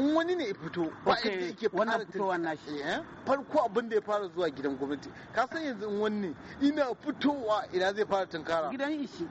in wani ne ya fito ba yake yake wannan fitowa na shi eh, farko abin da ya fara zuwa gidan gwamnati ka san yanzu in wani ina fitowa ina zai fara tunkara gidan ishi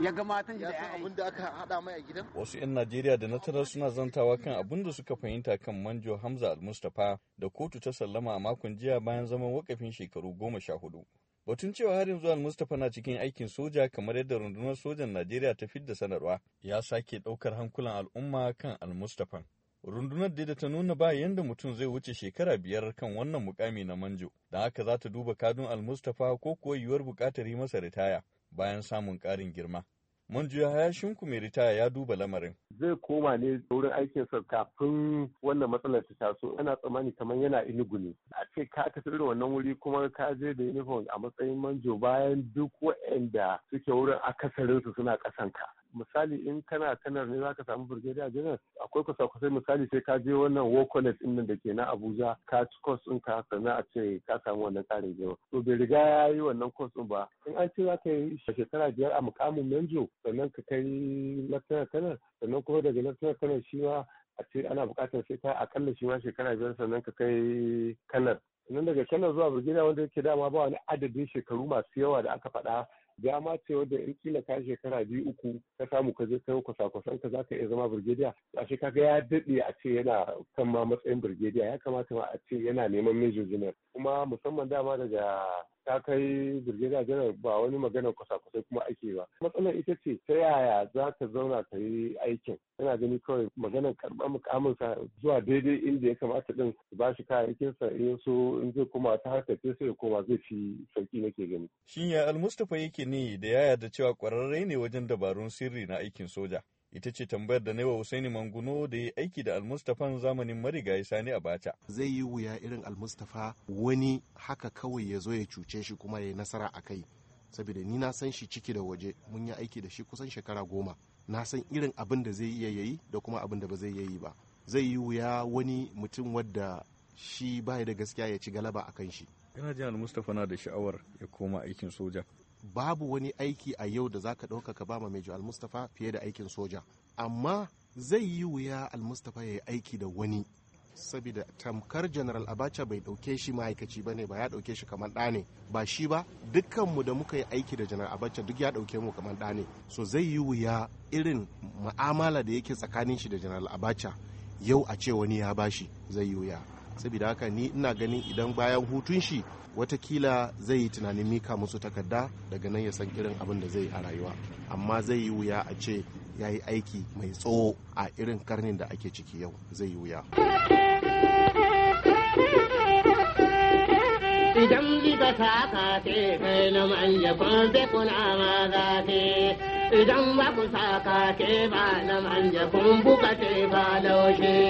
ya ga matan da ya abin da aka hada mai a gidan wasu yan Najeriya da na tarar suna zantawa kan abin da suka fahimta kan manjo Hamza Al-Mustafa da kotu ta sallama a makon jiya bayan zaman wakafin shekaru goma sha hudu Batun cewa har yanzu Al-Mustapha na cikin aikin soja kamar yadda rundunar sojan Najeriya ta fidda sanarwa ya sake ɗaukar hankulan al'umma kan Al-Mustapha. rundunar da ta nuna ba yadda mutum zai wuce shekara biyar kan wannan mukami na manjo da haka za ta duba kadun almustafa ko kuwa yiwuwar buƙatar yi masa ritaya bayan samun ƙarin girma manjo ya haya shinku mai ritaya ya duba lamarin zai koma ne wurin sa kafin wannan matsalar ta taso ana tsammani kamar yana inugune a ce ka tafi da wannan wuri kuma ka je da uniform a matsayin manjo bayan duk waɗanda suke wurin akasarinsu suna ƙasanka ka misali in kana kanar ne zaka samu brigadier general akwai kusa-kusai misali sai ka je wannan war college din da ke na abuja ka ci course din ka sannan a ce ka samu wannan tsarin girma to bai riga ya yi wannan course din ba in an ce zaka yi shekara biyar a mukamin manjo sannan ka kai lieutenant kanar. sannan kuma daga lieutenant kanar shi ma a ce ana buƙatar sai ka akalla shi ma shekara biyar sannan ka kai kanar sannan daga kanar zuwa brigadier wanda yake dama ba wani adadin shekaru masu yawa da aka faɗa dama ce wadda in kila ka shekara biyu uku ka samu ka je kai kwasa-kwasan ka zaka iya zama birgediya a shi kaga ya daɗe a ce yana kan ma matsayin birgediya ya kamata ma a ce yana neman major general kuma musamman dama daga ta kai birgida janar ba wani magana kwasa-kwasai kuma ake ba matsalar ita ce ta yaya za ta zauna ta yi aikin yana gani kawai maganar karɓar mukaminsa zuwa daidai inda ya kamata din ba shi kayayyakinsa in so in zai koma ta harkar sai ya koma zai fi sauki nake gani. Shin ya Almustapha yake ne da yaya da cewa kwararre ne wajen dabarun sirri na aikin soja? ita ce tambayar da naiwa Husaini Manguno da ya aiki da Almustafan zamanin marigayi Sani Abacha. Zai yi wuya irin Almustafa wani haka kawai ya zo ya cuce shi kuma ya yi nasara a kai. Saboda ni na san shi ciki da waje mun yi aiki da shi kusan shekara goma. Na san irin abin da zai iya yayi da kuma abin da ba zai yayi ba. Zai yi wuya wani mutum wadda shi ba da gaskiya ya ci galaba a kan shi. Yana jin Almustafa na da sha'awar ya koma aikin soja. babu wani aiki a yau da zaka ɗauka ka ba ma Mejo Almustafa fiye da aikin soja amma zai yi wuya Almustafa ya yi aiki da wani saboda tamkar general abacha bai ɗauke shi ma'aikaci ba ne ba ya ɗauke shi kamar ɗa ne ba shi ba dukkanmu da muka yi aiki da general abacha duk ya ɗauke mu kamar ɗa ne so zai yi wuya irin ma'amala da yake tsakanin shi da general abacha yau a ce wani ya bashi zai yi wuya saboda haka ni ina ganin idan bayan hutun shi watakila zai yi tunanin mika musu takarda daga nan ya san irin abin da zai a rayuwa amma zai yi wuya a ce ya yi aiki mai tsawo a irin karnin da ake ciki yau zai yi wuya idan gida ta kafe kai na manya kuna ma ba ku sa ba na manja kun buka ba laushe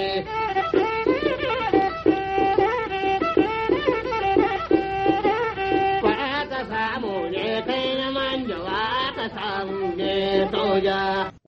到家。